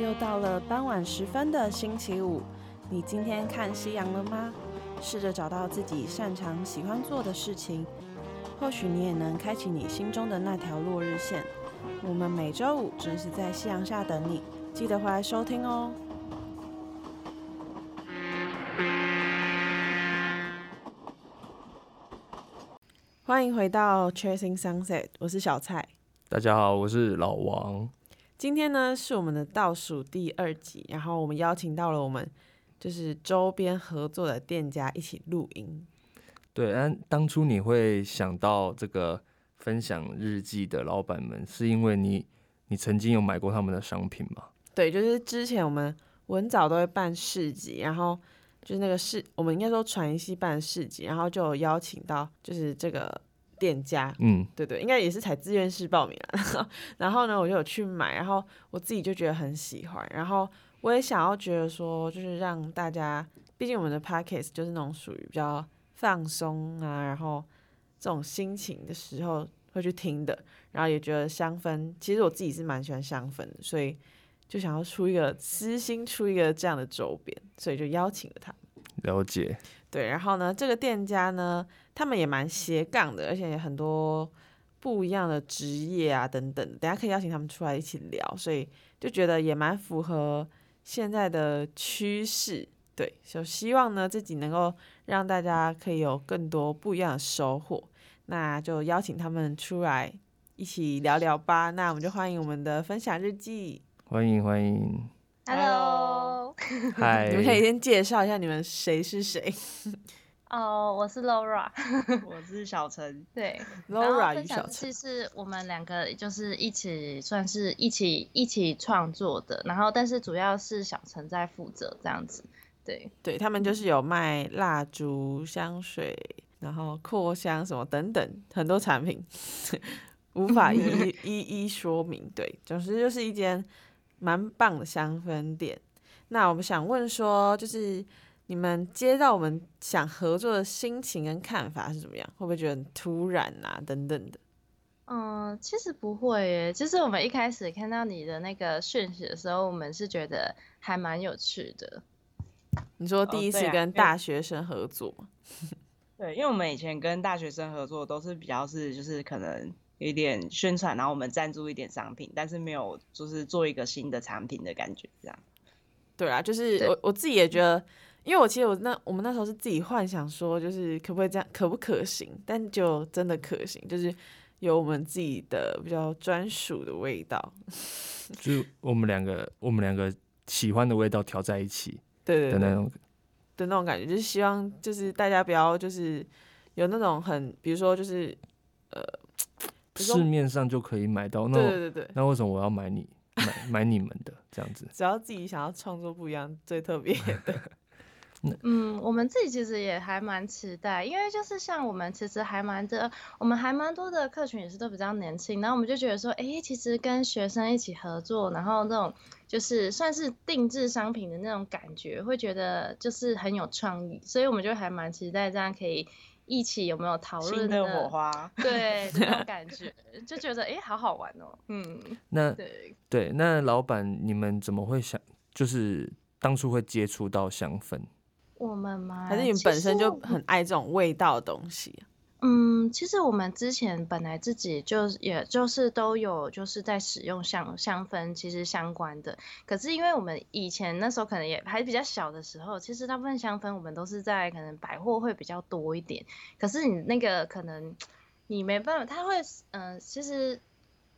又到了傍晚時分的星期五，你今天看夕陽了嗎？試着找到自己擅長、喜歡做的事情，或許你也能開啟你心中的那條落日線。我們每周五準時在夕陽下等你，記得回來收聽哦、喔。歡迎回到 Chasing Sunset，我是小蔡。大家好，我是老王。今天呢，是我們的倒數第二集，然後我們邀請到了我們就是周邊合作的店家一起錄音。對，那當初你會想到這個氛享日記的老闆們，是因為你你曾經有買過他們的商品嗎？對，就是之前我們很早都會辦市集，然後就是那個市，我們應該說傳藝系辦市集，然後就有邀請到就是這個。店家，嗯，對對，應該也是採自願式報名啊，然後，然後呢，我就有去買，然後我自己就覺得很喜歡。然後我也想要覺得說，就是讓大家，畢竟我們的 podcast 就是那種屬於比較放鬆啊，然後這種心情的時候會去聽的。然後也覺得香氛，其實我自己是蠻喜歡香氛的，所以就想要出一個私心，出一個這樣的周邊，所以就邀請了他。了解，對，然後呢，這個店家呢，他們也蠻斜槓的，而且也很多不一樣的職業啊，等等，等下可以邀請他們出來一起聊，所以就覺得也蠻符合現在的趨勢，對，就希望呢自己能夠讓大家可以有更多不一樣的收穫，那就邀請他們出來一起聊聊吧，那我們就歡迎我們的氛享日記，歡迎歡迎。歡迎 Hello，嗨！你們可以先介紹一下你們誰是誰？哦，Oh, 我是 Laura， 我是小陳。 對，Laura 與小陳其實我們兩個，就是一起算是一起一起創作的。然後，但是主要是小陳在負責這樣子。對對，他們就是有賣蠟燭、香水，然後擴香什麼等等很多產品， 無法一一一說明。 對，總之就是一間。蠻棒的香氛店，那我們想問說，就是你們接到我們想合作的心情跟看法是怎麼樣？會不會覺得很突然啊？等等的。嗯，其實不會耶。就是我們一開始看到你的那個訊息的時候，我們是覺得還蠻有趣的。你說第一次跟大學生合作？哦，對啊，對，因為我們以前跟大學生合作都是比較是就是可能。一點宣傳，然後我們贊助一點商品，但是沒有就是做一個新的產品的感覺，這樣。對啊，就是我對我自己也覺得，因為我其實我那我們那時候是自己幻想說，就是可不可以這樣，可不可行？但就真的可行，就是有我們自己的比較專屬的味道， 就是我們兩個我們兩個喜歡的味道調在一起，對對對，的那種的那種感覺，就是希望就是大家不要就是有那種很比如說就是呃。市面上就可以買到，那對對對，那為什麼我要買你買買你們的這樣子？ 只要自己想要創作不一樣，最特別的。 那 嗯，我們自己其實也還蠻期待，因為就是像我們其實還蠻的，我們還蠻多的客群也是都比較年輕，然後我們就覺得說，哎、欸，其實跟學生一起合作，然後那種就是算是定製商品的那種感覺，會覺得就是很有創意，所以我們就還蠻期待這樣可以。一起有沒有討論的、的火花？對，那 種感覺就覺得哎、欸，好好玩哦。嗯，那對，對那老闆你們怎麼會想，就是當初會接觸到香氛？我們嗎？還是你們本身就很愛這種味道的東西？ 嗯，其實我們之前本來自己就，也就是都有，就是在使用香，香氛其實相關的。可是因為我們以前那時候可能也還比較小的時候，其實大部分香氛我們都是在可能百貨會比較多一點。可是你那個可能你沒辦法，他會，嗯、呃，其實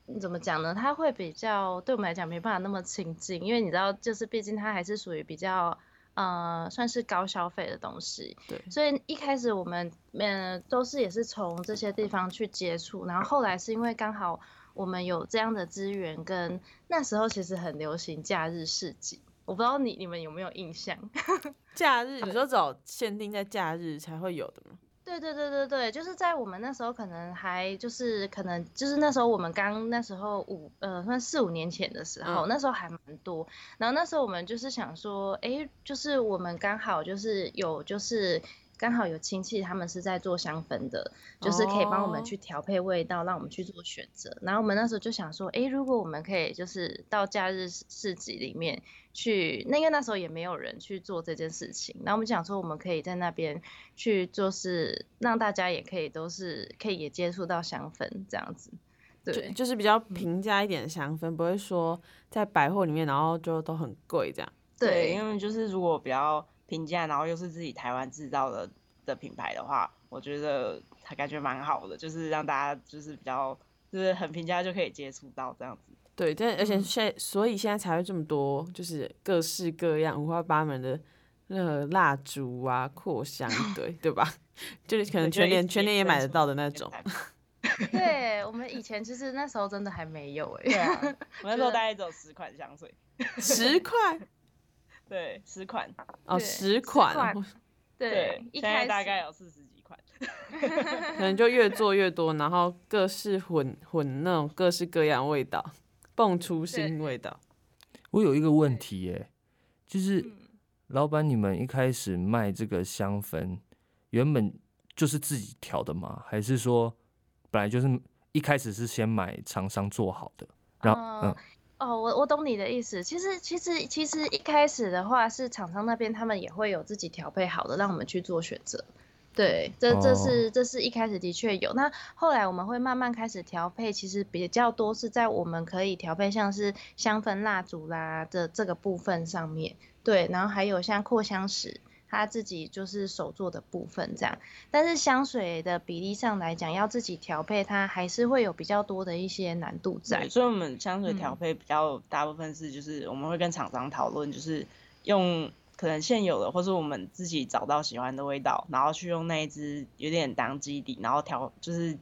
你怎麼講呢？他會比較對我們來講沒辦法那麼親近，因為你知道，就是畢竟它還是屬於比較。呃，算是高消費的東西，對，所以一開始我們嗯、呃、都是也是從這些地方去接觸，然後後來是因為剛好我們有這樣的資源，跟那時候其實很流行假日市集，我不知道你你們有沒有印象？ 假日你說只限定在假日才會有的嗎？Okay. 對對對對對，就是在我們那時候，可能還就是可能就是那時候我們剛那時候五呃算四五年前的時候，嗯、那時候還蠻多。然後那時候我們就是想說，誒就是我們剛好就是有就是。剛好有親戚，他們是在做香氛的，就是可以幫我們去調配味道，oh. 讓我們去做選擇。然後我們那時候就想說，誒、欸，如果我們可以就是到假日市集裡面去，那個那時候也沒有人去做這件事情。那我們想說，我們可以在那邊去做事，就是讓大家也可以都是可以也接觸到香氛這樣子。對，就，就是比較平價一點的香氛，嗯、不會說在百貨裡面然後就都很貴這樣。對，對，因為就是如果比較。平價，然後又是自己台灣製造的的品牌的話，我覺得他感覺蠻好的，就是讓大家就是比較就是很平價就可以接觸到這樣子。對，但而且現所以現在才會這麼多，就是各式各樣五花八門的那蠟燭啊、擴香對， 對吧？就是可能全年全年也買得到的那種。對，我們以前其實那時候真的還沒有哎，對啊，我那時候大概只有十款香水， 十款。對，十款哦，十款，對，現在大概有四十幾款， 可能就越做越多，然後各式混混那種各式各樣的味道，蹦出新味道。對我有一個問題耶，對就是老闆，你們一開始賣這個香氛，嗯、原本就是自己調的嗎？還是說本來就是一開始是先買廠商做好的？然後、呃、嗯。哦，我我懂你的意思。其實其實其實一開始的話，是廠商那邊他們也會有自己調配好的，讓我們去做選擇。對，這這是、哦、這是一開始的確有。那後來我們會慢慢開始調配，其實比較多是在我們可以調配，像是香氛蠟燭啦這這個部分上面。對，然後還有像擴香石。他自己就是手做的部分這樣，但是香水的比例上來講，要自己調配它，還是會有比較多的一些難度在。所以，我們香水調配比較大部分是，就是我們會跟廠商討論，就是用可能現有的，嗯、或是我們自己找到喜歡的味道，然後去用那一支有點當基底，然後調就是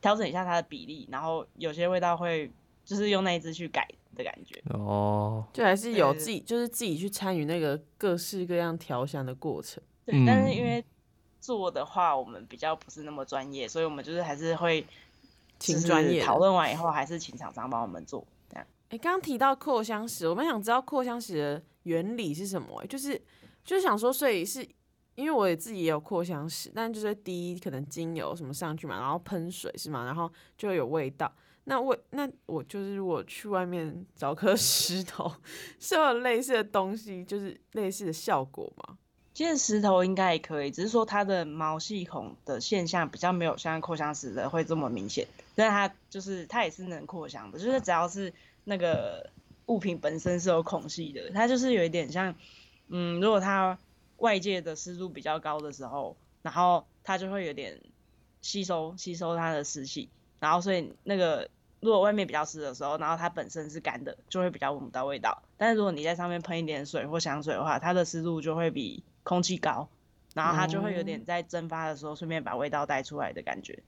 調整一下它的比例，然後有些味道會就是用那一支去改。的感覺哦，oh, 就還是有自己，對就是自己去參與那個各式各樣調香的過程。對，嗯、但是因為做的話，我們比較不是那麼專業，所以我們就是還是會請專業討論完以後，還是請廠商幫我們做。這樣。誒、嗯，剛剛、欸、提到擴香石，我們想知道擴香石的原理是什麼、欸？就是就是想說，所以是因為我也自己也有擴香石，但就是滴可能精油什麼上去嘛，然後噴水是嗎？然後就有味道。那我那我就是，我去外面找顆石頭，是有類似的東西，就是類似的效果嗎？其實石頭應該也可以，只是說它的毛細孔的現象比較沒有像擴香石的會這麼明顯，嗯、但它就是它也是能擴香的，就是只要是那個物品本身是有孔隙的，它就是有一點像，嗯，如果它外界的濕度比較高的時候，然後它就會有點吸收吸收它的濕氣。然後，所以那個如果外面比較濕的時候，然後它本身是乾的，就會比較聞不到味道。但是如果你在上面噴一點水或香水的話，它的濕度就會比空氣高，然後它就會有點在蒸發的時候嗯、順便把味道帶出來的感覺。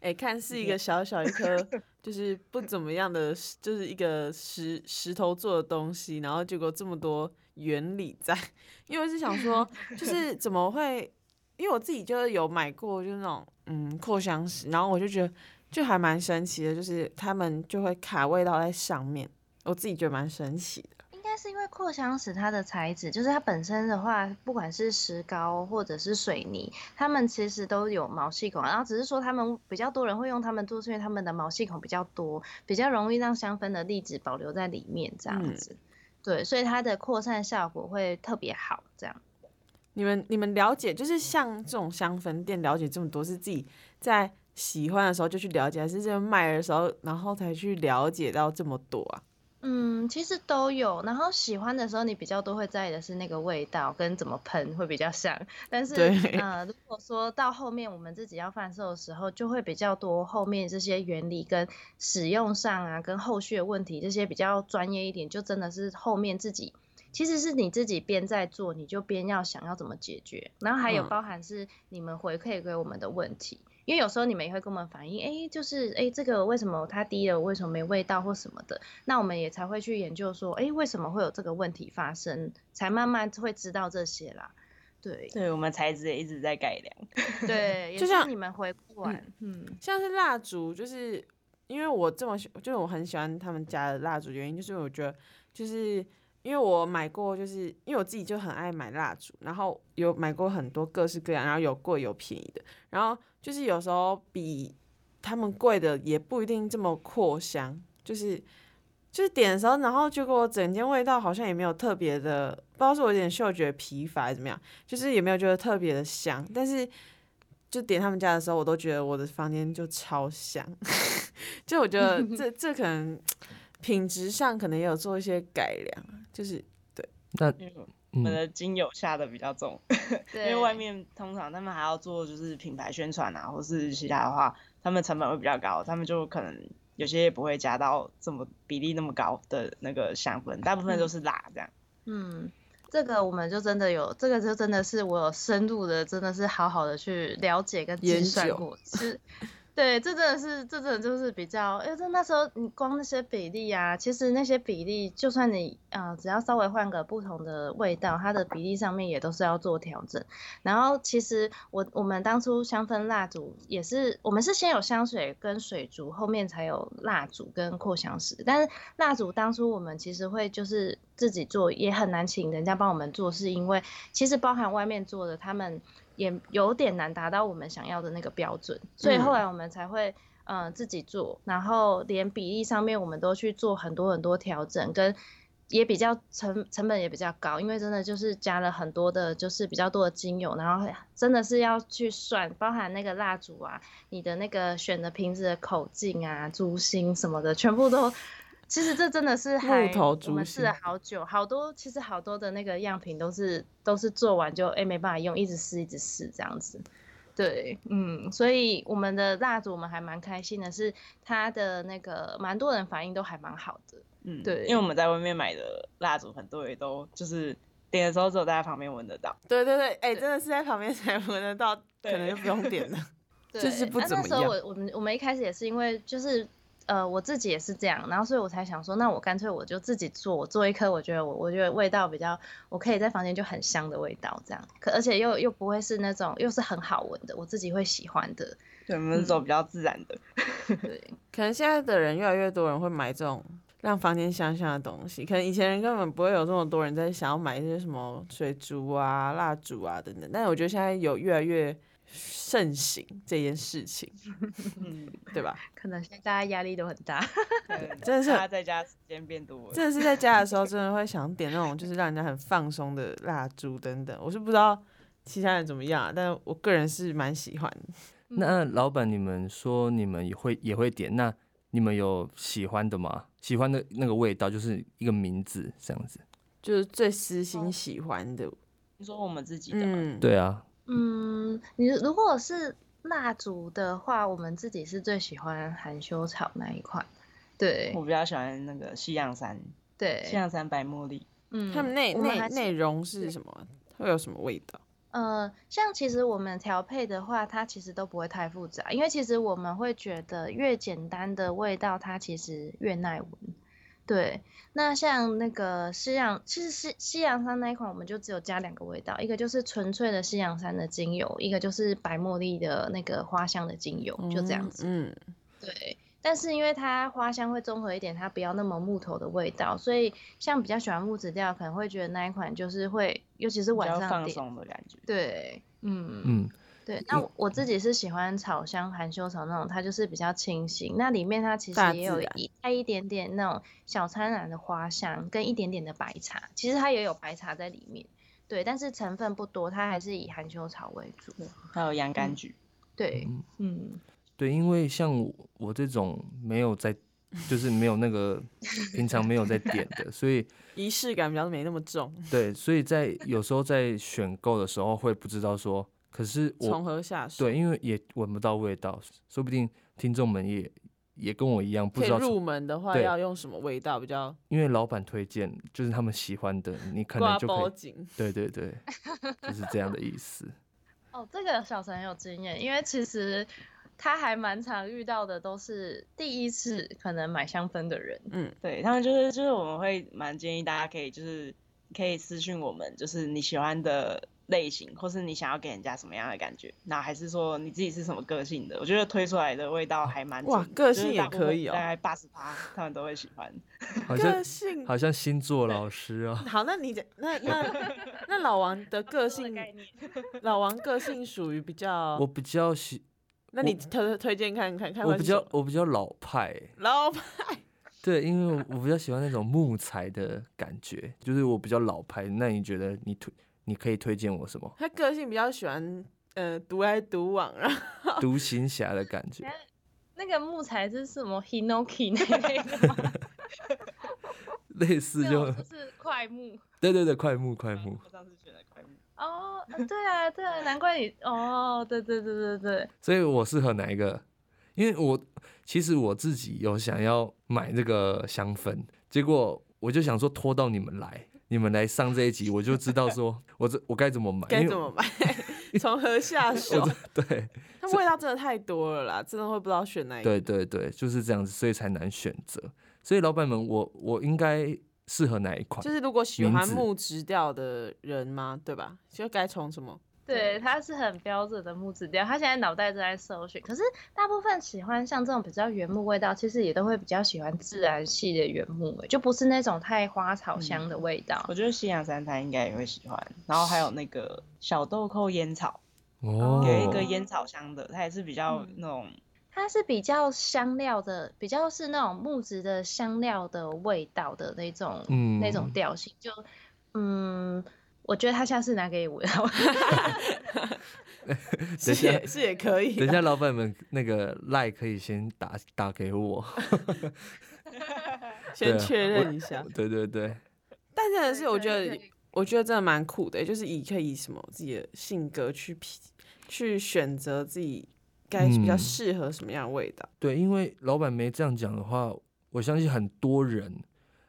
哎、欸，看似一個小小一顆，嗯、就是不怎麼樣的，就是一個石石頭做的東西，然後結果這麼多原理在，因為我是想說，就是怎麼會？因為我自己就是有買過，就那種嗯擴香石，然後我就覺得就還蠻神奇的，就是他們就會卡味道在上面，我自己覺得蠻神奇的。應該是因為擴香石它的材質，就是它本身的話，不管是石膏或者是水泥，它們其實都有毛細孔，然後只是說他們比較多人會用它們做，是因為它們的毛細孔比較多，比較容易讓香氛的粒子保留在裡面這樣子，嗯、對，所以它的擴散效果會特別好這樣。你們你們了解，就是像這種香氛店了解這麼多，是自己在喜歡的時候就去了解，還是在賣的時候，然後才去了解到這麼多啊？嗯，其實都有。然後喜歡的時候，你比較多會在意的是那個味道跟怎麼噴會比較像。但是，對呃，如果說到後面我們自己要販售的時候，就會比較多後面這些原理跟使用上啊，跟後續的問題這些比較專業一點，就真的是後面自己。其實是你自己邊在做，你就邊要想要怎麼解決，然後還有包含是你們回饋給我們的問題，嗯、因為有時候你們也會跟我們反映，哎，就是哎，這個為什麼它低了，為什麼沒味道或什麼的，那我們也才會去研究說，哎，為什麼會有這個問題發生，才慢慢會知道這些啦。對，對我們才一直一直在改良。對， 就像是你們回饋，嗯，嗯像是蠟燭，就是因為我這麼喜就是我很喜歡他們家的蠟燭的原因，就是因為我覺得就是。因為我買過，就是因為我自己就很愛買蠟燭，然後有買過很多各式各樣，然後有貴有便宜的，然後就是有時候比他們貴的也不一定這麼擴香，就是就是點的時候，然後結果整間味道好像也沒有特別的，不知道是我有點嗅覺疲乏還是怎麼樣，就是也沒有覺得特別的香，但是就點他們家的時候，我都覺得我的房間就超香， 就我覺得這這可能。 品質上可能也有做一些改良，就是對，那我們的精油下的比較重，嗯，因為外面通常他們還要做就是品牌宣傳啊，或是其他的話，他們成本會比較高，他們就可能有些也不會加到這麼比例那麼高的那個香氛，大部分都是辣這樣嗯。嗯，這個我們就真的有，這個就真的是我有深入的，真的是好好的去了解跟研究過。酒對，這真的是，這真的就是比較，因為那時候你光那些比例啊，其實那些比例，就算你啊、呃，只要稍微換個不同的味道，它的比例上面也都是要做調整。然後其實我我們當初香氛蠟燭也是，我們是先有香水跟水燭，後面才有蠟燭跟擴香石。但是蠟燭當初我們其實會就是自己做，也很難請人家幫我們做，是因為其實包含外面做的他們。也有點難達到我們想要的那個標準，所以後來我們才會嗯、呃、自己做，然後連比例上面我們都去做很多很多調整，跟也比較成成本也比較高，因為真的就是加了很多的就是比較多的精油，然後真的是要去算，包含那個蠟燭啊，你的那個選的瓶子的口徑啊、燭芯什麼的，全部都。其實這真的是，我們試了好久，好多其實好多的那個樣品都是都是做完就哎、欸、沒辦法用，一直試一直試這樣子。對，嗯，所以我們的蠟燭我們還蠻開心的，是它的那個蠻多人反應都還蠻好的。嗯，對，因為我們在外面買的蠟燭很多也都就是點的時候只有在旁邊聞得到。對對對，哎、欸，真的是在旁邊才聞得到，對對可能就不用點了。就是 對不怎麼。那時候我我們我們一開始也是因為就是。呃，我自己也是這樣，然後所以我才想說，那我乾脆我就自己做，我做一顆，我覺得我我覺得味道比較，我可以在房間就很香的味道，這樣，可而且又又不會是那種又是很好聞的，我自己會喜歡的，對，那種比較自然的，嗯、 對，可能現在的人越來越多人會買這種讓房間香香的東西，可能以前人根本不會有這麼多人在想要買一些什麼水珠啊、蠟燭啊等等，但我覺得現在有越來越。盛行這件事情，嗯、對吧？可能現在大家壓力都很大，對 真的是大家在家時間變多了，真的是在家的時候，真的會想點那種就是讓人家很放鬆的蠟燭等等。我是不知道其他人怎麼樣，但是我個人是蠻喜歡。嗯、那老闆，你們說你們也會也會點，那你們有喜歡的嗎？喜歡的那個味道，就是一個名字這樣子，就是最私心喜歡的，哦。你說我們自己的嗎？嗯、對啊。嗯，你如果是蠟燭的話，我們自己是最喜歡含羞草那一款。對，我比較喜歡那個西洋杉，對，西洋杉白茉莉。嗯，他們內內內容是什麼？對會有什麼味道？呃，像其實我們調配的話，它其實都不會太複雜，因為其實我們會覺得越簡單的味道，它其實越耐聞。對，那像那個西洋，其實西西洋杉那一款，我們就只有加兩個味道，一個就是純粹的西洋杉的精油，一個就是白茉莉的那個花香的精油，就這樣子。嗯，嗯對。但是因為它花香會綜合一點，它不要那麼木頭的味道，所以像比較喜歡木質調，可能會覺得那一款就是會，尤其是晚上比較放鬆的感覺。對，嗯嗯。對，那我自己是喜歡草香含羞草那種，它就是比較清新。那裡面它其實也有一帶一點點那種小蒼蘭的花香，跟一點點的白茶。其實它也有白茶在裡面，對，但是成分不多，它還是以含羞草為主。還有洋甘菊，嗯、對，嗯，對，因為像我，我這種沒有在，就是沒有那個平常沒有在點的， 所以儀式感比較沒那麼重。對，所以在有時候在選購的時候會不知道說。可是我從何下手？對，因為也聞不到味道，說不定聽眾們也也跟我一樣不知道。入門的話要用什麼味道比較？因為老闆推薦就是他們喜歡的，你可能就可以。包對對對， 就是這樣的意思。 哦，這個小陳很有經驗，因為其實他還蠻常遇到的，都是第一次可能買香氛的人。嗯，對，他們就是就是我們會蠻建議大家可以就是可以私訊我們，就是你喜歡的類型，或是你想要給人家什麼樣的感覺？那還是說你自己是什麼個性的？我覺得推出來的味道還蠻哇，個性也可以哦，大，大概八十趴，他們都會喜歡。像 個性好像星座老師哦。好，那你那那那老王的個性， 老王個性屬於比較，我比較喜、欸。那你推推薦看看看？我比較我比較老派，老派。對，因為我我比較喜歡那種木材的感覺，就是我比較老派。那你覺得你推？你可以推薦我什麼？他個性比較喜歡，呃，獨來獨往，然後獨行俠的感覺。那個木材是什麼？Hinoki 那類, 類似就, 就是檜木。對對對，檜木檜木。檜木。哦， oh, 對啊，對啊，難怪你哦，oh, 對對對對對。所以我適合哪一個？因為我其實我自己有想要買這個香氛，結果我就想說拖到你們來。你們來上這一集，我就知道說，我這 我該怎麼買？該怎麼買？從何下手？ 對，它味道真的太多了啦，真的會不知道選哪一款。對對對，就是這樣子，所以才難選擇。所以老闆們，我我應該適合哪一款？就是如果喜歡木質調的人嗎？對吧？就該從什麼？對，它是很標準的木質調。他現在腦袋正在搜尋，可是大部分喜歡像這種比較原木味道，其實也都會比較喜歡自然系的原木，味，就不是那種太花草香的味道。嗯、我覺得西洋杉他應該也會喜歡，然後還有那個小豆蔻煙草，有、哦、一個煙草香的，它也是比較那種、嗯，它是比較香料的，比較是那種木質的香料的味道的那種，嗯、那種調性，就嗯。我覺得他像是拿給我，是是也可以。 等一下老闆們那個賴、like、可以先打打給我， 先確認一下 對。對對對，但真的是我覺得對對對，我覺得真的蠻酷的、欸，就是以可以，以什麼自己的性格去去選擇自己該比較適合什麼樣的味道。嗯、對，因為老闆沒這樣講的話，我相信很多人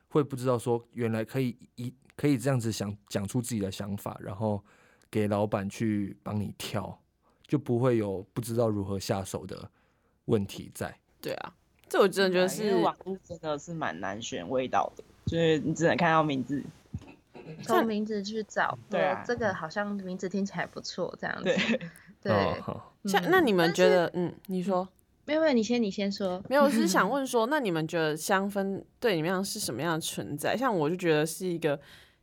會不知道說原來可以一，可以這樣子想講出自己的想法，然後給老闆去幫你挑，就不會有不知道如何下手的問題在。對啊，這我真的覺得是，網路真的是蠻難選味道的，所、就、以、是、你只能看到名字，看名字去找。對、啊、這個好像名字聽起來不錯，這樣子。對，對哦嗯、像那你們覺得，嗯，你說沒有、嗯，沒有，你先你先說。沒有，我是想問說，那你們覺得香氛對你們樣是什麼樣的存在？像我就覺得是一個。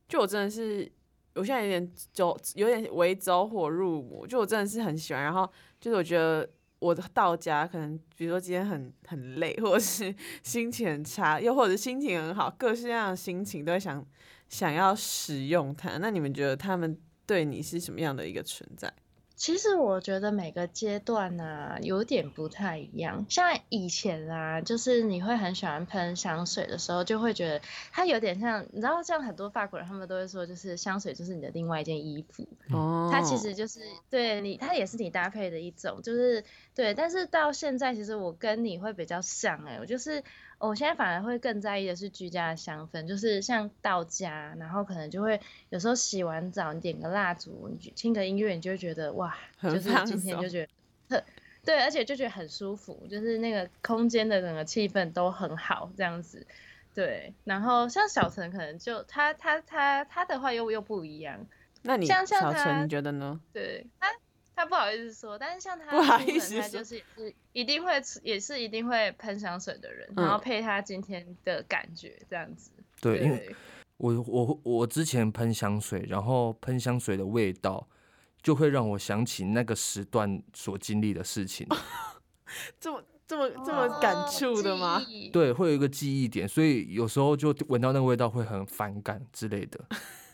就我真的是，我現在有點走，有點為走火入魔。就我真的是很喜歡，然後就是我覺得我到家，可能比如說今天很很累，或者是心情很差，又或者心情很好，各式各樣的心情都會想想要使用它。那你們覺得他們對你是什麼樣的一個存在？其實我覺得每個階段呢、啊，有點不太一樣。像以前啊，就是你會很喜歡噴香水的時候，就會覺得它有點像，你知道，像很多法國人他們都會說，就是香水就是你的另外一件衣服。哦。它其實就是對你，它也是你搭配的一種，就是對。但是到現在，其實我跟你會比較像哎，欸，我就是。我、哦、現在反而會更在意的是居家的香氛，就是像到家，然後可能就會有時候洗完澡，你點個蠟燭，你聽個音樂，你就會覺得哇，就是今天就覺得特對，而且就覺得很舒服，就是那個空間的整個氣氛都很好這樣子。對，然後像小陳可能就他他他他的話又又不一樣，那你像像小陳你覺得呢？對，他。他不好意思說，但是像他，他就是是一定會也是一定會噴香水的人，然後配他今天的感覺這樣子。嗯、對，對，因為我，我我我之前噴香水，然後噴香水的味道就會讓我想起那個時段所經歷的事情。 這麼這麼、哦、這麼感觸的嗎？對，會有一個記憶點，所以有時候就聞到那個味道會很反感之類的。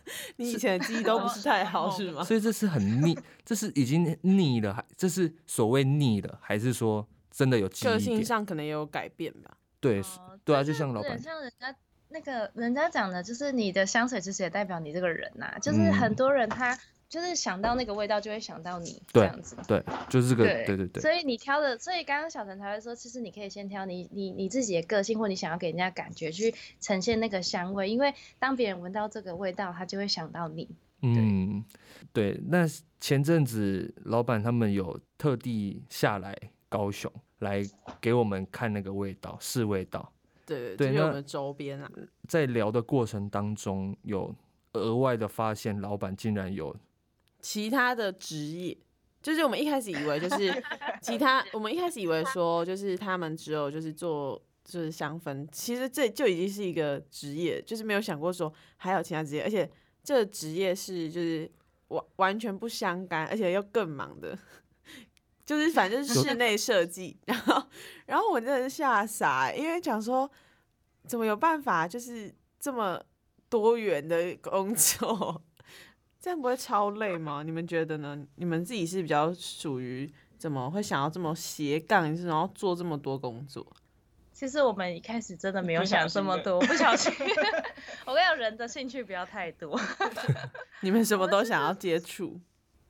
你以前的記憶都不是太好，是，是嗎？所以這是很膩，這是已經膩了，還這是所謂膩了，還是說真的有記憶？記個性上可能也有改變吧。對，對啊，就像老闆，像人家那個，人家講的，就是你的香水其實也代表你這個人吶，就是很多人他。就是想到那個味道，就會想到你這樣子對。對，就是、這個對，對對對。所以你挑的，所以剛剛小陳才會說，其實你可以先挑你你你自己的個性，或你想要給人家感覺，去呈現那個香味。因為當別人聞到這個味道，他就會想到你。嗯，對。那前陣子老闆他們有特地下來高雄，來給我們看那個味道，試味道。對對，做對我們周邊啊。在聊的過程當中，有額外的發現，老闆竟然有。其他的職業，就是我們一開始以為就是其他， 我們一開始以為說就是他們只有就是做就是香氛，其實這就已經是一個職業，就是沒有想過說還有其他職業，而且這職業是就是完完全不相干，而且又更忙的，就是反正是室內設計， 然後然後我真的是嚇傻，因為講說怎麼有辦法就是這麼多元的工作。這樣不會超累嗎？你們覺得呢？你們自己是比較屬於怎麼會想要這麼斜槓，就是然後做這麼多工作？其實我們一開始真的沒有想這麼多，不小，不小心。 我跟你講，人的興趣不要太多。 你們什麼都想要接觸。是就是、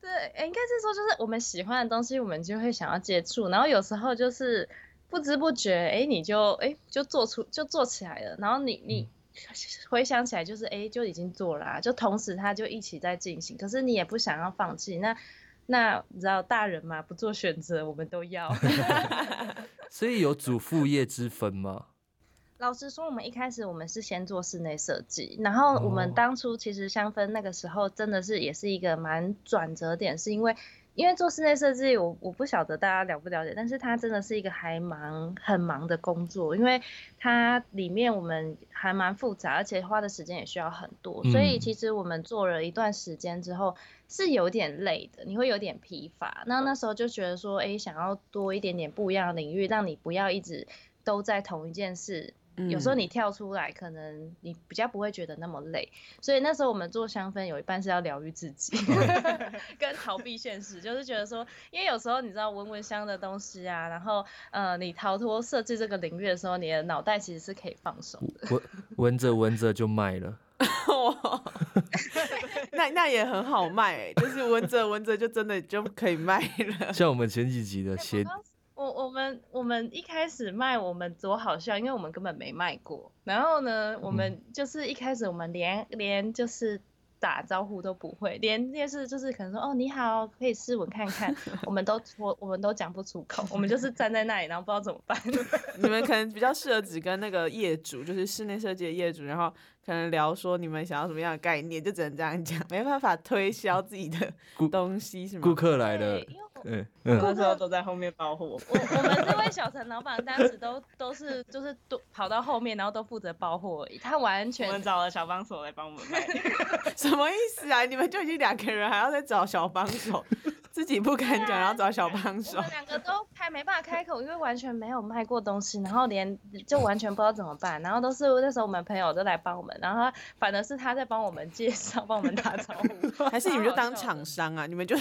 對誒，應該是說就是我們喜歡的東西，我們就會想要接觸，然後有時候就是不知不覺，哎，你就哎就做出就做起來了，然後你你。嗯。回想起來，就是哎、欸，就已經做了，啊，就同時他就一起在進行。可是你也不想要放棄，那那你知道大人嘛，不做選擇，我們都要。 所以有主副業之分嗎？ 老實說，我們一開始我們是先做室內設計，然後我們當初其實香氛那個時候真的是也是一個蠻轉折點，是因為。因為做室內設計，我我不曉得大家了不了解，但是它真的是一個還蠻很忙的工作，因為它裡面我們還蠻複雜，而且花的時間也需要很多，所以其實我們做了一段時間之後是有點累的，你會有點疲乏。那那時候就覺得說，欸，想要多一點點不一樣的領域，讓你不要一直都在同一件事。嗯、有時候你跳出來，可能你比較不會覺得那麼累，所以那時候我們做香氛有一半是要療癒自己， 跟逃避現實，就是覺得說，因為有時候你知道聞聞香的東西啊，然後呃你逃脫設計這個領域的時候，你的腦袋其實是可以放鬆的。聞聞着聞着就賣了， 那那也很好賣，欸，就是聞着聞着就真的就可以賣了。 像我們前幾集的鞋。對前我我們我們一開始賣我們多好笑，因為我們根本沒賣過。然後呢，我們就是一開始我們連連就是打招呼都不會，連那些就是可能說哦你好，可以試聞看看， 我們都我我們都講不出口，我們就是站在那裡，然後不知道怎麼辦。 你們可能比較適合只跟那個業主，就是室內設計的業主，然後。可能聊說你們想要什麼樣的概念，就只能這樣講，沒辦法推銷自己的東西，顧是嗎？顧客來的，嗯，顧客都在後面包貨。我我們這位小陳老闆當時都 都是就是都跑到後面，然後都負責包貨，他完全我們找了小幫手來幫我們賣。 什麼意思啊？你們就已經兩個人，還要再找小幫手？ 自己不敢講，啊、然後找小手、啊、我們兩個都開沒辦法開口， 因為完全沒有賣過東西，然後連就完全不知道怎麼辦，然後都是那時候我們朋友都來幫我們，然後他反而是他在幫我們介紹，幫我們打招呼， 還是你們就當廠商啊，好好你們就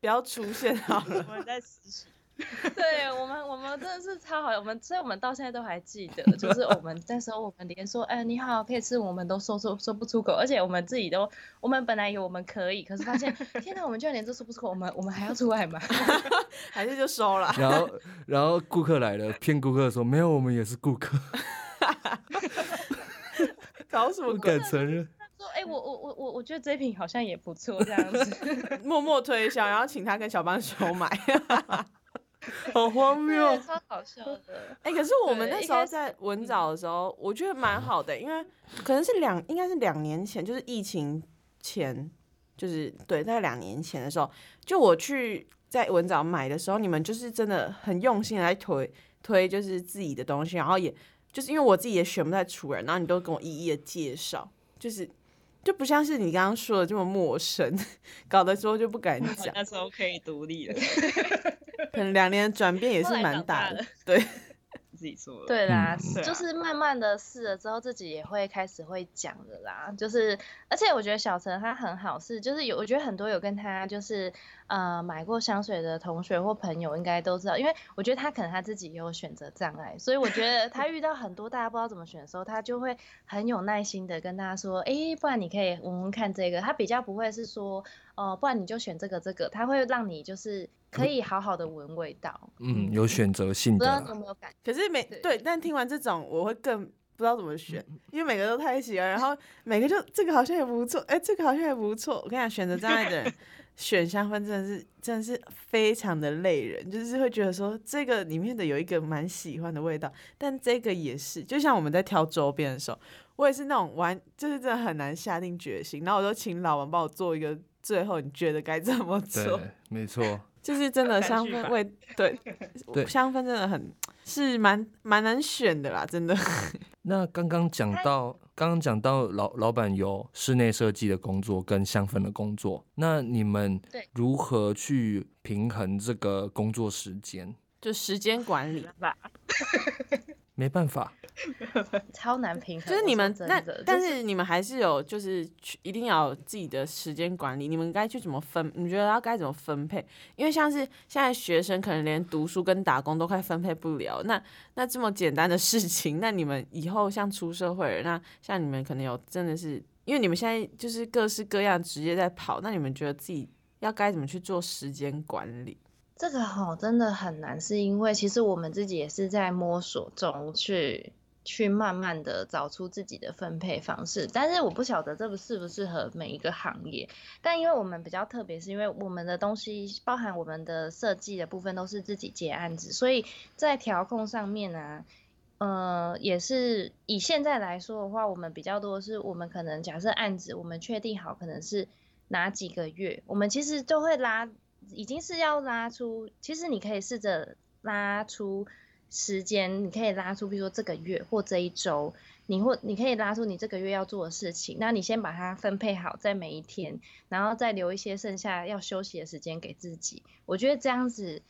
不要出現好了。 我們在試試 對我們，我們真的是超好，我們所以我們到現在都還記得，就是我們那時候我們連說哎、欸、你好可以吃，我們都說說說不出口，而且我們自己都，我們本來以為我們可以，可是發現天哪，我們居然連這說不出口，我們我們還要出來嗎？ 還是就收了？然後然後顧客來了，騙顧客說沒有，我們也是顧客，搞 什麼鬼？鬼？承、欸、認？他說哎我我我我我覺得這瓶好像也不錯這樣子， 默默推銷，然後請他跟小幫手買。 好荒謬謬，超搞笑的。哎、欸，可是我們那時候在文藻的時候，我覺得蠻好的、欸，因為可能是兩，應該是兩年前，就是疫情前，就是對，在兩年前的時候，就我去在文藻買的時候，你們就是真的很用心來推推，推就是自己的東西，然後也就是因為我自己也選不太出來，然後你都跟我一一的介紹，就是就不像是你剛剛說的這麼陌生，搞的時候就不敢講。那時候可以獨立了。 可能兩年轉變也是蠻大的，大對，自己說的對啦，就是慢慢的試了之後，自己也會開始會講的啦。就是，而且我覺得小陳他很好，是就是有，我覺得很多有跟他就是呃買過香水的同學或朋友應該都知道，因為我覺得他可能他自己也有選擇障礙，所以我覺得他遇到很多大家不知道怎麼選的時候， 他就會很有耐心的跟大家說，哎、欸，不然你可以聞聞看這個，他比較不會是說，哦、呃，不然你就選這個這個，他會讓你就是。可以好好的聞味道，嗯，有選擇性的，啊，不知道有沒有感。可是每對，對，但聽完這種，我會更不知道怎麼選，嗯，因為每個都太喜歡，然後每個就這個好像也不錯，哎，這個好像也不錯，欸這個。我跟你講，選擇障礙的人 選香氛真的是真的是非常的累人，就是會覺得說這個裡面的有一個蠻喜歡的味道，但這個也是，就像我們在挑周邊的時候，我也是那種玩，就是真的很難下定決心。然後我就請老王幫我做一個，最後你覺得該怎麼做？對，沒錯。就是真的香氛味對，香氛真的很是蠻蠻難選的啦，真的。 那剛剛講到，剛剛講到老老板有室內設計的工作跟香氛的工作，那你們如何去平衡這個工作時間？就時間管理吧。 沒辦法， 超難平衡。就是你們真的那，就是、但是你們還是有，就是去一定要有自己的時間管理。你們該去怎麼分？你們覺得要該怎麼分配？因為像是現在學生可能連讀書跟打工都快分配不了。那那這麼簡單的事情，那你們以後像出社會了，那像你們可能有真的是，因為你們現在就是各式各樣職業在跑。那你們覺得自己要該怎麼去做時間管理？這個好、哦，真的很難，是因為其實我們自己也是在摸索中去去慢慢的找出自己的分配方式，但是我不曉得這個適不適合每一個行業，但因為我們比較特別，是因為我們的東西包含我們的設計的部分都是自己接案子，所以在調控上面呢、啊，呃，也是以現在來說的話，我們比較多是我們可能假設案子我們確定好可能是哪幾個月，我們其實就會拉。已經是要拉出，其實你可以試着拉出時間，你可以拉出，比如說這個月或這一周，你或你可以拉出你這個月要做的事情，那你先把它分配好在每一天，然後再留一些剩下要休息的時間給自己。我覺得這樣子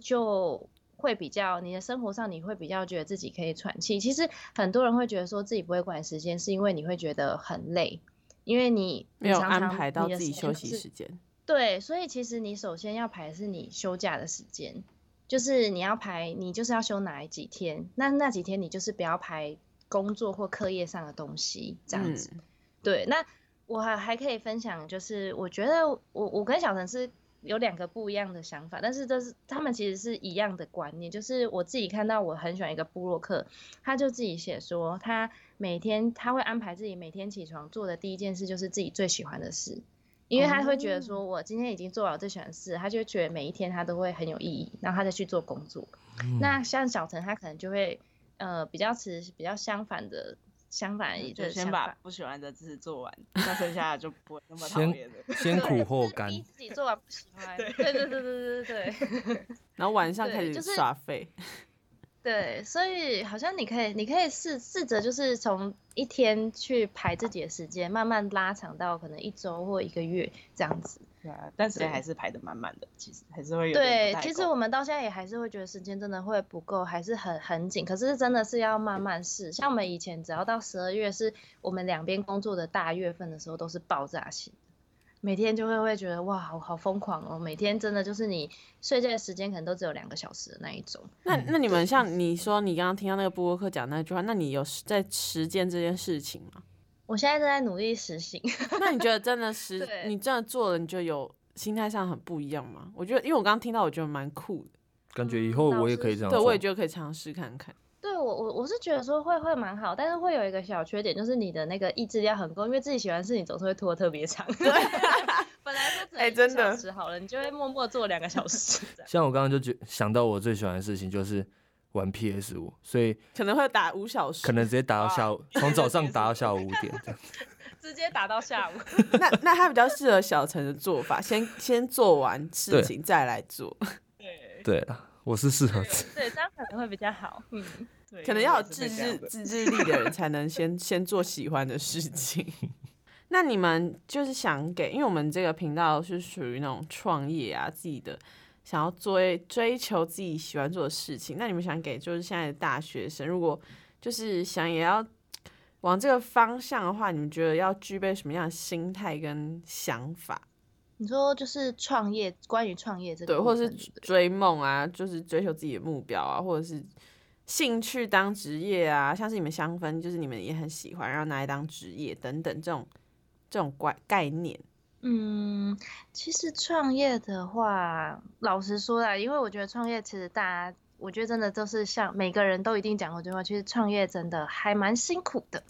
就會比較，你的生活上你會比較覺得自己可以喘氣。其實很多人會覺得說自己不會管時間，是因為你會覺得很累，因為你，你，常常你沒有安排到自己休息時間。對，所以其實你首先要排的是你休假的時間，就是你要排，你就是要休哪幾天，那那幾天你就是不要排工作或課業上的東西，這樣子。嗯、對，那我還還可以分享，就是我覺得我我跟小陳是有兩個不一樣的想法，但是都是，他們其實是一樣的觀念，就是我自己看到我很喜歡一個部落客，他就自己寫說，他每天他會安排自己每天起床做的第一件事就是自己最喜歡的事。因為他會覺得說，我今天已經做好最喜歡的事，嗯、他就覺得每一天他都會很有意義，然後他再去做工作。嗯、那像小陳，他可能就會，呃，比較持，比較相反的，相反，也就是相反，就先把不喜歡的字做完， 那剩下的就不會那麼特別的，先，先苦後甘，逼、就是、自己做完不喜歡。 對對對對對對 然後晚上開始耍廢。對，所以好像你可以，你可以試試着，就是從一天去排自己的時間，慢慢拉長到可能一周或一個月這樣子。對啊，但時間還是排得滿滿的，對其實還是會有。對，其實我們到現在也還是會覺得時間真的會不夠，還是很很緊。可是真的是要慢慢試，像我們以前只要到十二月，是我們兩邊工作的大月份的時候，都是爆炸期。每天就會會覺得哇，好好瘋狂哦！每天真的就是你睡覺的時間可能都只有兩個小時的那一種。那那你們像你說，你剛剛聽到那個布洛克講那句話，那你有在實踐這件事情嗎？我現在正在努力實行。 那你覺得真的是你真的做了，你就有心態上很不一樣嗎？我覺得，因為我剛剛聽到，我覺得蠻酷的，嗯、感覺以後我也可以這樣。對，我也覺得可以嘗試看看。對我我我是覺得說會會蠻好，但是會有一個小缺點，就是你的那個意志力要很夠，因為自己喜歡的事情總是會拖特別長。對， 本來就是哎，真的時好了，你就會默默做兩個小時。像我剛剛就覺得想到我最喜歡的事情就是玩 PS 五，所以可能會打五小時，可能直接打到下午，啊、從早上打到下午五點這樣， 直接打到下午。 那那他比較適合小陳的做法，先先做完事情對再來做。對對。對我是適合對，對這樣可能會比較好，嗯，對，可能要有自制自制力的人才能先 先做喜歡的事情。那你們就是想給，因為我們這個頻道是屬於那種創業啊，自己的想要追追求自己喜歡做的事情。那你們想給就是現在的大學生，如果就是想也要往這個方向的話，你們覺得要具備什麼樣的心態跟想法？你說就是創業，關於創業這對，或者是追夢啊，對就是追求自己的目標啊，或者是興趣當職業啊，像是你們香氛，就是你們也很喜歡，然後拿來當職業等等這種這種怪概念。嗯，其實創業的話，老實說啦，因為我覺得創業其實大家，我覺得真的就是像每個人都一定講過這句話，其實創業真的還蠻辛苦的。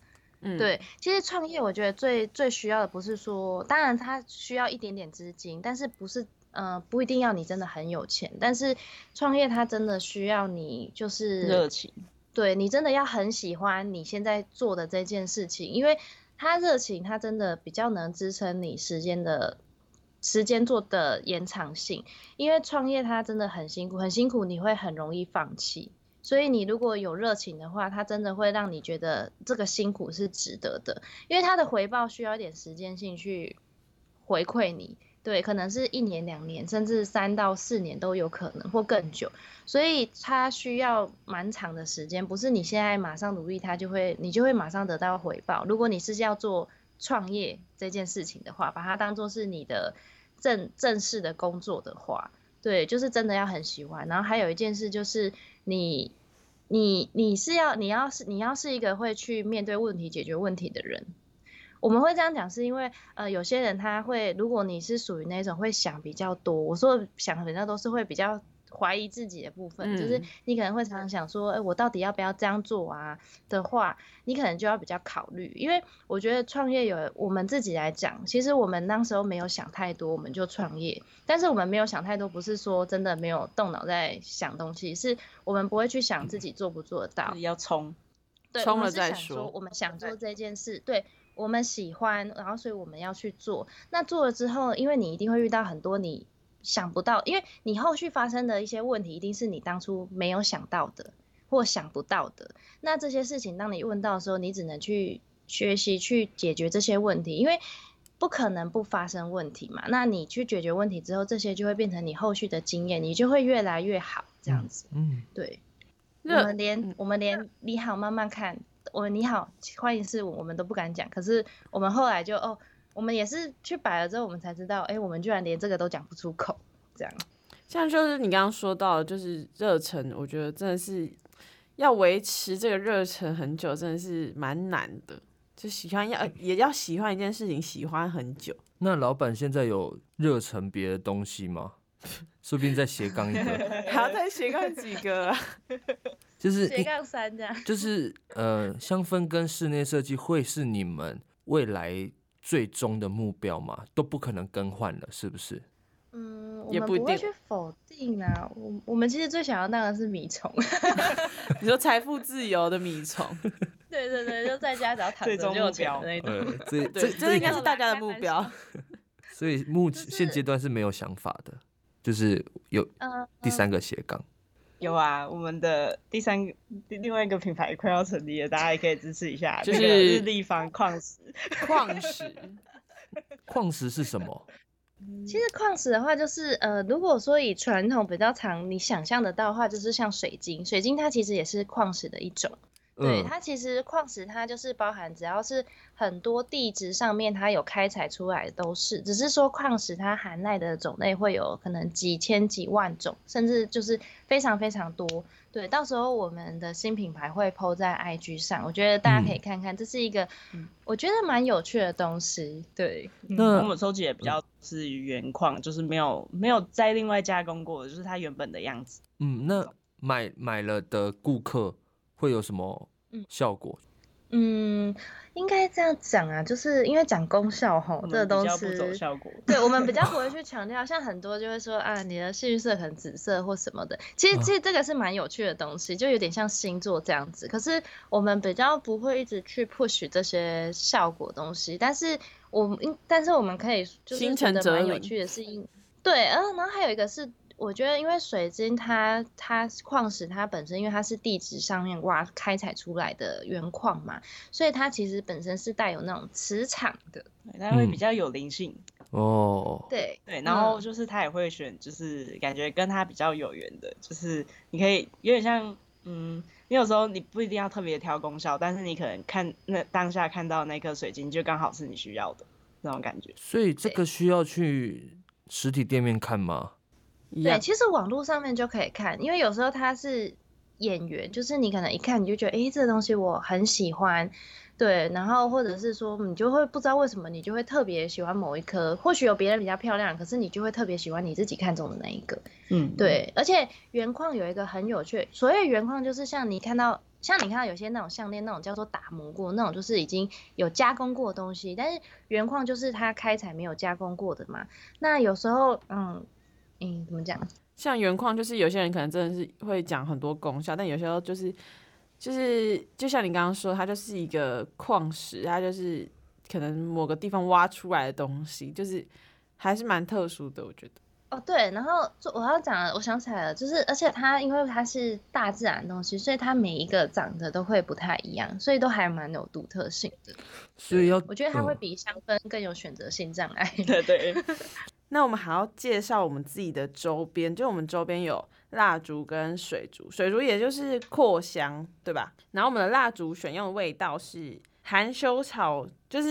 對，其實創業我覺得最最需要的不是說，當然它需要一點點資金，但是不是，呃，不一定要你真的很有錢。但是創業它真的需要你就是熱情，對你真的要很喜歡你現在做的這件事情，因為它熱情，它真的比較能支撐你時間的，時間做的延長性。因為創業它真的很辛苦，很辛苦，你會很容易放棄。所以你如果有熱情的話，它真的會讓你覺得這個辛苦是值得的，因為它的回報需要一點時間性去回饋你。對，可能是一年、兩年，甚至三到四年都有可能，或更久。所以它需要蠻長的時間，不是你現在馬上努力，它就會你就會馬上得到回報。如果你是要做創業這件事情的話，把它當作是你的正正式的工作的話，對，就是真的要很喜歡。然後還有一件事就是。你，你你是要，你要是你要是一個會去面對問題、解決問題的人，我們會這樣講，是因為呃，有些人他會，如果你是屬於那種會想比較多，我說想比較多都是會比較。懷疑自己的部分，嗯、就是你可能會常常想說，誒、欸，我到底要不要這樣做啊？的話，你可能就要比較考慮，因為我覺得創業有我們自己來講，其實我們那時候沒有想太多，我們就創業。但是我們沒有想太多，不是說真的沒有動腦在想東西，是我們不會去想自己做不做得到。嗯、要衝，衝了再說。我們想做這件事，對我們喜歡，然後所以我們要去做。那做了之後，因為你一定會遇到很多你。想不到，因為你後續發生的一些問題，一定是你當初沒有想到的或想不到的。那這些事情，當你問到的時候，你只能去學習去解決這些問題，因為不可能不發生問題嘛。那你去解決問題之後，這些就會變成你後續的經驗，你就會越來越好，這樣子。嗯，對。熱我們連我們連你好慢慢看，熱我們你好歡迎是，我們都不敢講，可是我們後來就哦。我們也是去擺了之後，我們才知道，哎、欸，我們居然連這個都講不出口，這樣。像就是你剛剛說到的，就是熱忱，我覺得真的是要維持這個熱忱很久，真的是蠻難的。就喜歡要也要喜歡一件事情，喜歡很久。那老闆現在有熱忱別的東西嗎？說不定再斜槓一個， 還要再斜槓幾個。就是斜槓三這樣。就是呃，香氛跟室內設計會是你們未來。最終的目標嘛，都不可能更換了，是不是？嗯，我們不會去否定啊。我我們其實最想要那個是米蟲。 你說財富自由的米蟲？ 對對對，就在家只要躺着就有錢的。 最終目標，對對、呃，這應該是大家的目標。 就是、所以目前現階段是沒有想法的，就是有第三個斜槓。有啊，我們的第三個另外一個品牌快要成立了，大家也可以支持一下，就是日立方礦石，礦、就是、 礦石，礦石是什麼？其實礦石的話，就是呃，如果說以傳統比較長，你想象得到的話，就是像水晶，水晶它其實也是礦石的一種。對，它其實礦石它就是包含，只要是很多地質上面它有開採出來的都是，只是說礦石它含耐的種類會有可能幾千幾萬種，甚至就是非常非常多。對，到時候我們的新品牌會 PO 在 IG 上，我覺得大家可以看看，嗯、這是一個、嗯、我覺得蠻有趣的東西。對，那我們收集也比較是原礦，就是沒有沒有再另外加工過，就是它原本的樣子。嗯，那買買了的顧客，會有什麼效果？嗯，應該這樣講啊，就是因為講功效吼，這個、東西，效果對，我們比較不會去強調， 像很多就會說啊，你的幸運色很紫色或什麼的，其實這這個是蠻有趣的東西，就有點像星座這樣子。可是我們比較不會一直去 push 這些效果的東西，但是我們，但是我們可以就是覺得蠻有趣的是因對、啊，然後還有一個是。我覺得，因為水晶它它礦石它本身，因為它是地質上面挖開採出來的原礦嘛，所以它其實本身是帶有那種磁場的，嗯、對，它會比較有靈性哦。對對，嗯、然後就是它也會選，就是感覺跟它比較有緣的，就是你可以有點像，嗯，你有時候你不一定要特別挑功效，但是你可能看那當下看到那顆水晶就剛好是你需要的那種感覺。所以這個需要去實體店面看嗎？Yeah. 對，其實網絡上面就可以看，因為有時候他是眼緣，就是你可能一看你就覺得，誒、欸，這個東西我很喜歡，對，然後或者是說你就會不知道為什麼你就會特別喜歡某一顆，或許有別人比較漂亮，可是你就會特別喜歡你自己看中的那一個，嗯、mm，hmm. 對，而且原礦有一個很有趣，所以原礦就是像你看到，像你看到有些那種項鏈那種叫做打磨過那種，就是已經有加工過的東西，但是原礦就是它開採沒有加工過的嘛，那有時候嗯。嗯，怎麼講？像原礦，就是有些人可能真的是會講很多功效，但有時候就是，就是就像你剛剛說，它就是一個礦石，它就是可能某個地方挖出來的東西，就是還是蠻特殊的，我覺得。哦，對，然後我我要講，我想起來了，就是而且它因為它是大自然的東西，所以它每一個長得都會不太一樣，所以都還蠻有獨特性的。所以要我覺得它會比香氛更有選擇性障礙的，對，對，對。 那我們還要介紹我們自己的周邊，就我們周邊有蠟燭跟水燭，水燭也就是擴香，對吧？然後我們的蠟燭選用的味道是含羞草，就是，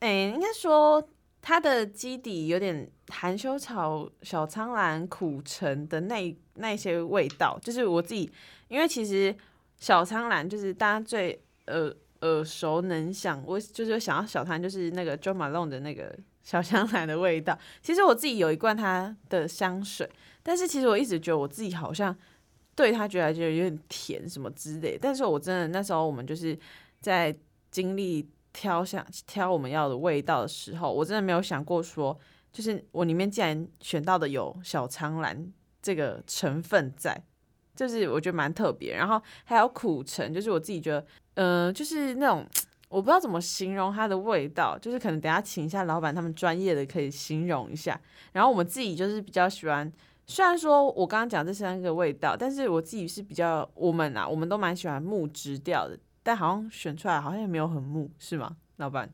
哎、欸，應該說它的基底有點含羞草、小蒼蘭、苦橙的那那些味道，就是我自己，因為其實小蒼蘭就是大家最耳，耳熟能詳，我就是想要小蒼就是那個 Jo Malone 的那個。小蒼蘭的味道，其實我自己有一罐它的香水，但是其實我一直覺得我自己好像對它覺得就有點甜什麼之類。但是我真的那時候我們就是在經歷挑香挑我們要的味道的時候，我真的沒有想過說，就是我裡面竟然選到的有小蒼蘭這個成分在，就是我覺得蠻特別。然後還有苦橙，就是我自己覺得，嗯、呃，就是那種。我不知道怎麼形容它的味道，就是可能等下請一下老板，他們專業的可以形容一下。然後我們自己就是比較喜歡，雖然說我剛剛講這三個味道，但是我自己是比較我們啊，我們都蠻喜歡木質調的，但好像選出來好像也沒有很木，是嗎？老板，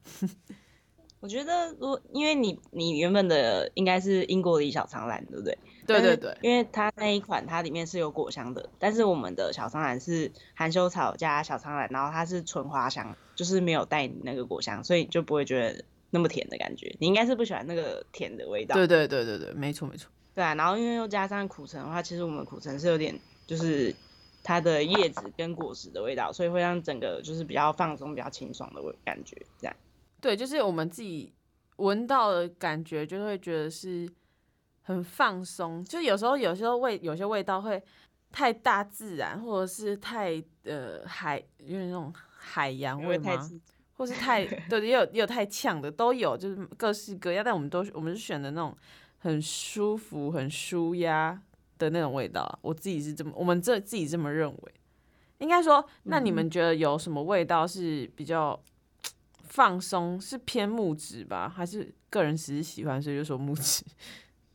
我覺得如因為你你原本的應該是英國梨與小蒼蘭，對不對？對對對，因為它那一款它裡面是有果香的，對對對，但是我們的小蒼蘭是含羞草加小蒼蘭，然後它是純花香，就是沒有帶那個果香，所以就不會覺得那麼甜的感覺。你應該是不喜歡那個甜的味道。對對對對對，沒錯沒錯。對啊，然後因為又加上苦橙的話，其實我們苦橙是有點就是它的葉子跟果實的味道，所以會讓整個就是比較放鬆、比較清爽的味感覺這樣。對，就是我們自己聞到的感覺，就會覺得是。很放鬆，就有時候有，有時候味，有些味道會太大自然，或者是太呃海，就是那種海洋味嗎？或是太對，也有也有太嗆的，都有，就是各式各樣。但我們都我們是選的那種很舒服、很舒壓的那種味道。我自己是這麼，我們這自己這麼認為。應該說，那你們覺得有什麼味道是比較放鬆，是偏木質吧？還是個人實際喜歡，所以就說木質？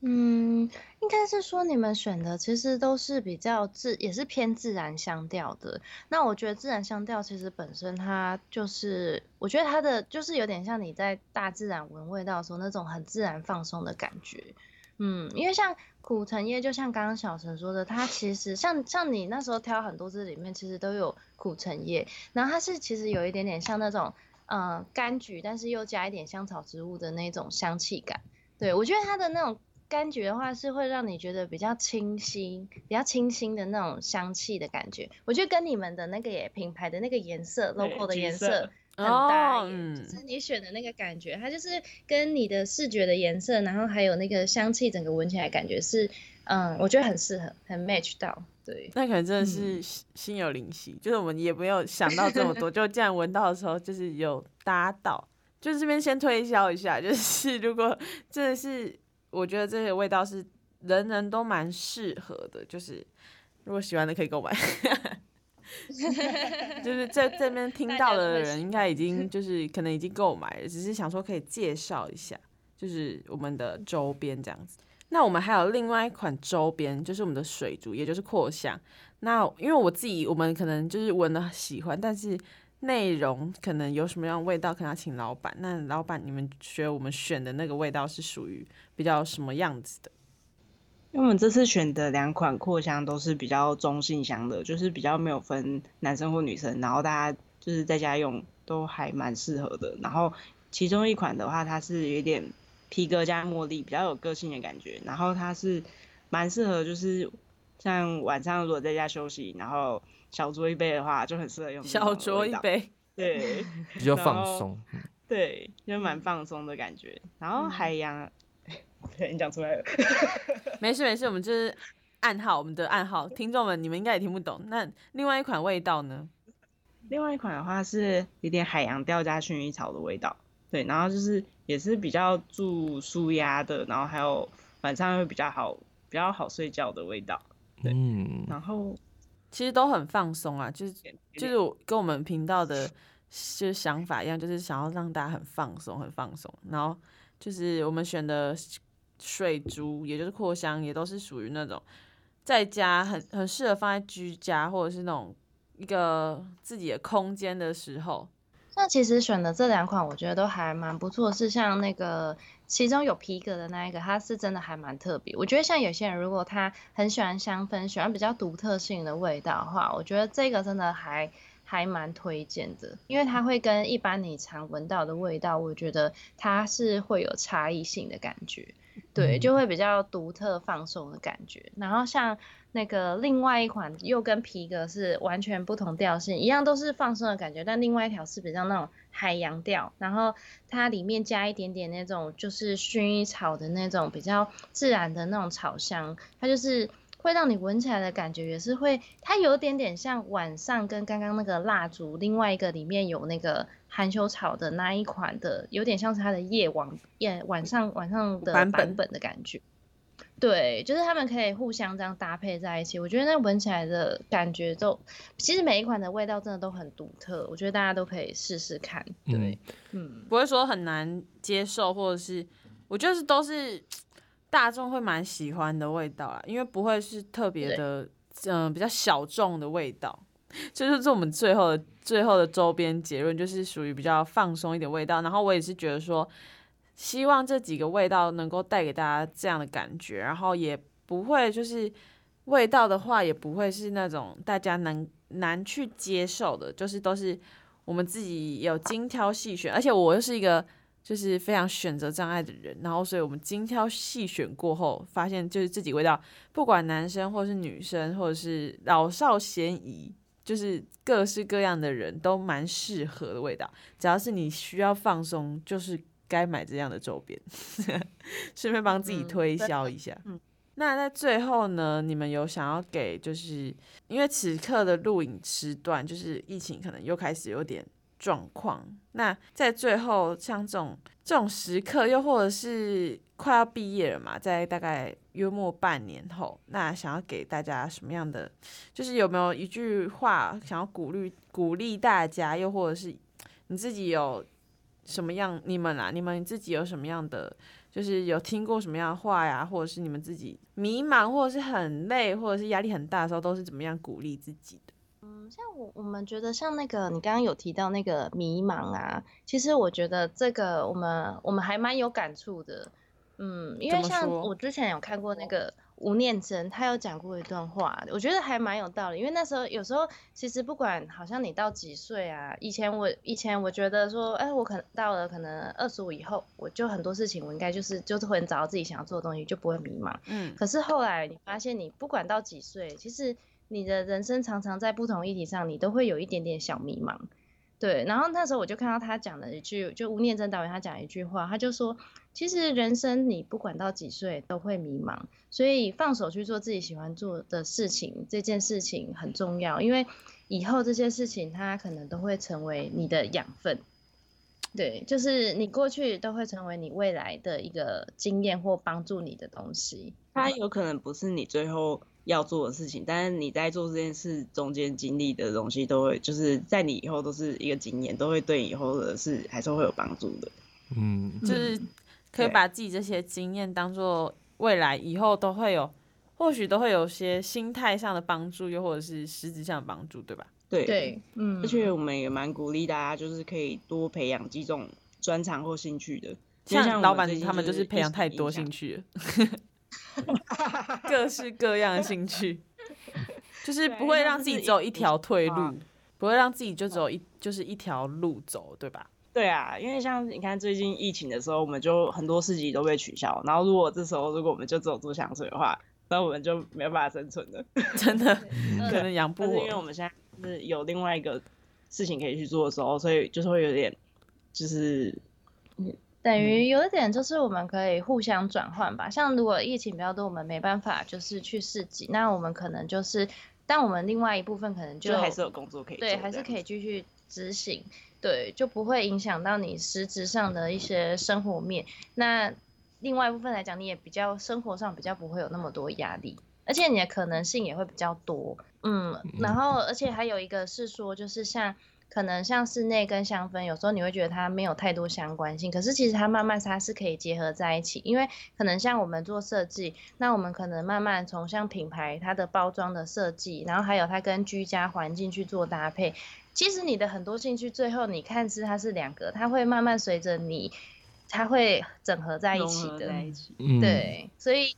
嗯，應該是說你們選的其實都是比較自，也是偏自然香調的。那我覺得自然香調其實本身它就是，我覺得它的就是有點像你在大自然聞味道的時候那種很自然放鬆的感覺。嗯，因為像苦橙葉，就像剛剛小陳說的，它其實像像你那時候挑很多支裡面，其實都有苦橙葉。然後它是其實有一點點像那種，嗯、呃，柑橘，但是又加一點香草植物的那種香氣感。對，我覺得它的那種。柑橘的話是會讓你覺得比較清新，比較清新的那種香氣的感覺。我覺得跟你們的那個品牌的那個顏色、logo 的顏色，色很搭哦，就是你選的那個感覺，嗯、它就是跟你的視覺的顏色，然後還有那個香氣，整個聞起來的感覺是，嗯，我覺得很適合，很 match 到。對，那可能真的是心有靈犀，嗯、就是我們也沒有想到這麼多， 就既然聞到的時候就是有搭到，就這邊先推銷一下，就是如果真的是。我覺得這些味道是人人都蠻適合的，就是如果喜歡的可以購買。 就是這這邊聽到的人應該已經就是可能已經購買了，只是想說可以介紹一下，就是我們的周邊這樣子。那我們還有另外一款周邊，就是我們的水竹，也就是擴香。那因為我自己我們可能就是聞了喜歡，但是。內容可能有什麼樣的味道，可能要請老闆。那老闆，你們覺得我們選的那個味道是屬於比較什麼樣子的？因為我們這次選的兩款擴香都是比較中性香的，就是比較沒有分男生或女生，然後大家就是在家用都還蠻適合的。然後其中一款的話，它是有點皮革加茉莉，比較有個性的感覺。然後它是蠻適合，就是像晚上如果在家休息，然後。小酌一杯的話就很適合用小酌一杯，對， 比較放鬆，對，就蠻放鬆的感覺。嗯、然後海洋， 你講出來了， 沒事沒事，我們就是暗號，我們的暗號，聽眾們，你們應該也聽不懂。那另外一款味道呢？另外一款的話是有點海洋調加薰衣草的味道，對，然後就是也是比較助舒壓的，然後還有晚上會比較好比較好睡覺的味道，對，嗯、然後。其實都很放鬆啊，就是就是跟我們頻道的就想法一樣，就是想要讓大家很放鬆，很放鬆。然後就是我們選的水珠，也就是擴香，也都是屬於那種在家很很適合放在居家或者是那種一個自己的空間的時候。那其實選的這兩款，我覺得都還蠻不錯。是像那個其中有皮革的那一個，它是真的還蠻特別。我覺得像有些人如果他很喜歡香氛，喜歡比較獨特性的味道的話，我覺得這個真的還還蠻推薦的，因為它會跟一般你常聞到的味道，我覺得它是會有差異性的感覺，對，就會比較獨特放鬆的感覺。嗯、然後像那個另外一款又跟皮革是完全不同調性，一樣都是放鬆的感覺，但另外一條是比較那種海洋調，然後它裡面加一點點那種就是薰衣草的那種比較自然的那種草香，它就是會讓你聞起來的感覺也是會，它有點點像晚上跟剛剛那個蠟燭，另外一個裡面有那個含羞草的那一款的，有點像是它的夜晚夜晚上晚上的版本的感覺。對，就是他們可以互相這樣搭配在一起，我覺得那聞起來的感覺就其實每一款的味道真的都很獨特，我覺得大家都可以試試看。嗯、對，嗯，不會說很難接受，或者是，我覺得是都是大眾會蠻喜歡的味道啦，因為不會是特別的，嗯對、呃，比較小眾的味道。這就是我們最後的最後的周邊結論，就是屬於比較放鬆一點味道。然後我也是覺得說。希望這幾個味道能夠帶給大家這樣的感覺，然後也不會就是味道的話，也不會是那種大家難難去接受的，就是都是我們自己有精挑細選，而且我又是一個就是非常選擇障礙的人，然後所以我們精挑細選過後，發現就是這幾個味道，不管男生或者是女生，或者是老少咸宜，就是各式各樣的人都蠻適合的味道，只要是你需要放鬆，就是。該買這樣的周邊，順 便幫自己推銷一下。嗯，嗯，那在最後呢，你們有想要給，就是因為此刻的錄影時段，就是疫情可能又開始有點狀況。那在最後，像這種這種時刻，又或者是快要畢業了嘛，在大概約莫半年後，那想要給大家什麼樣的，就是有沒有一句話想要鼓勵鼓勵大家，又或者是你自己有？什麼樣？你們啊，你們自己有什麼樣的？就是有聽過什麼樣的話呀，或者是你們自己迷茫，或者是很累，或者是壓力很大的時候，都是怎麼樣鼓勵自己的？嗯，像我，我們覺得像那個你剛剛有提到那個迷茫啊，其實我覺得這個我們我們還蠻有感觸的。嗯，因為像我之前有看過那個。吳念真他有講過一段話，我覺得還蠻有道理。因為那時候有時候其實不管，好像你到幾歲啊？以前我以前我覺得說，哎、欸，我可能到了可能二十五以後，我就很多事情，我應該就是就是會找到自己想要做的東西，就不會迷茫。嗯。可是後來你發現，你不管到幾歲，其實你的人生常常在不同議題上，你都會有一點點小迷茫。對，然後那時候我就看到他講了一句，就吳念真導演他講一句話，他就說，其實人生你不管到幾歲都會迷茫，所以放手去做自己喜歡做的事情，這件事情很重要，因為以後這些事情它可能都會成為你的養分。對，就是你過去都會成為你未來的一個經驗或幫助你的東西。它有可能不是你最後，要做的事情，但是你在做這件事中間經歷的東西，都會就是在你以後都是一個經驗，都會對你以後的事還是會有幫助的。嗯，就是可以把自己這些經驗當做未來以後都會有，對或許都會有些心態上的幫助，又或者是實質上的幫助，對吧？對對，對嗯。而且我們也蠻鼓勵大家，就是可以多培養幾種專長或興趣的，像，像老闆他們就是培養太多興趣了。 各式各樣的興趣，就是不會讓自己只有一條退路，對不會讓自己就只有一、嗯、就是一條路走，對吧？對啊，因為像你看最近疫情的時候，我們就很多市集都被取消。然後如果這時候如果我們就只有做香水的話，那我們就沒有辦法生存了。真的 對可能養不活。但是因為我們現在是有另外一個事情可以去做的時候，所以就是會有點就是。等於有一點就是我們可以互相轉換吧，像如果疫情比較多，我們沒辦法就是去市集，那我們可能就是，但我們另外一部分可能就，就還是有工作可以做，對，還是可以繼續執行，對，就不會影響到你實質上的一些生活面。那另外一部分來講，你也比較生活上比較不會有那麼多壓力，而且你的可能性也會比較多，嗯，然後而且還有一個是說就是像。可能像室內跟香氛，有時候你會覺得它沒有太多相關性，可是其實它慢慢它是可以結合在一起，因為可能像我們做設計，那我們可能慢慢從像品牌它的包裝的設計，然後還有它跟居家環境去做搭配，其實你的很多興趣最後你看是它是兩個，它會慢慢隨着你，它會整合在一起的，融合在一起，對，嗯，所以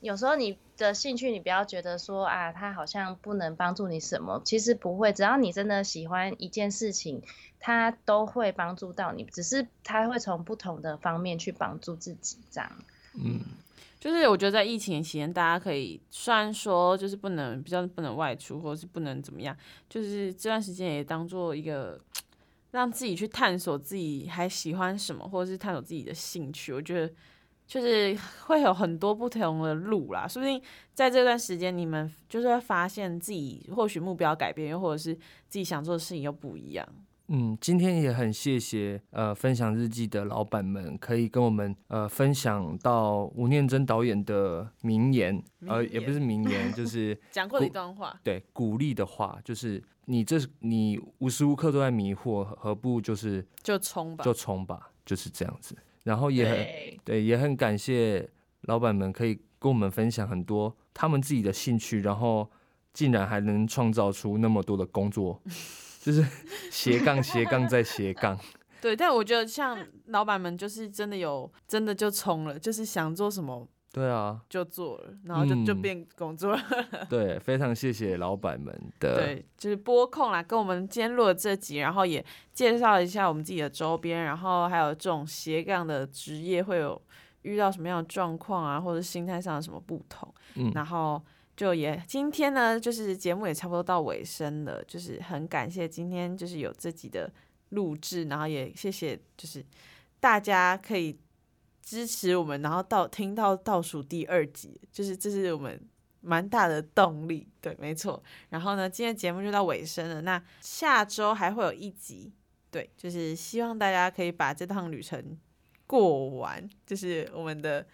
有時候你。的興趣，你不要覺得說啊，他好像不能幫助你什麼，其實不會，只要你真的喜歡一件事情，他都會幫助到你，只是他會從不同的方面去幫助自己。這樣，嗯，就是我覺得在疫情期間，大家可以雖然說就是不能比較不能外出，或者是不能怎麼樣，就是這段時間也當做一個讓自己去探索自己還喜歡什麼，或者是探索自己的興趣。我覺得。就是會有很多不同的路啦，說不定在這段時間你們就是會發現自己或許目標改變，又或者是自己想做的事情又不一樣。嗯，今天也很謝謝呃氛享日記的老闆們，可以跟我們呃分享到吳念真導演的名言，名言呃也不是名言， 就是講 過的一段話，對鼓勵的話，就是你這是你無時無刻都在迷惑，何不就是就衝吧，就衝吧，就是這樣子。然後也很對，對，也很感謝老闆們可以跟我們分享很多他們自己的興趣，然後竟然還能創造出那麼多的工作，就是斜槓斜槓再斜槓。對，但我覺得像老闆們就是真的有，真的就衝了，就是想做什麼。對啊，就做了，然後就就變工作了。嗯。對，非常謝謝老闆們的。對，就是播控啦，跟我們今天錄了這集，然後也介紹一下我們自己的周邊，然後還有這種斜槓的職業會有遇到什麼樣的狀況啊，或者心態上的什麼不同。嗯，然後就也今天呢，就是節目也差不多到尾聲了，就是很感謝今天就是有自己的錄製，然後也謝謝就是大家可以。支持我們，然後到聽到倒數第二集，就是這是我們蠻大的動力，對，沒錯。然後呢，今天節目就到尾聲了，那下周還會有一集，對，就是希望大家可以把這趟旅程過完，就是我們的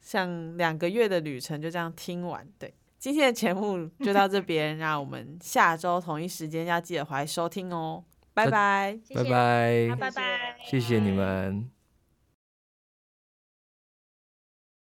像兩個月的旅程就這樣聽完，對。今天的節目就到這邊，那 我們下周同一時間要記得回來收聽哦， 拜拜，謝謝，啊，拜拜，好，拜拜，謝謝你們。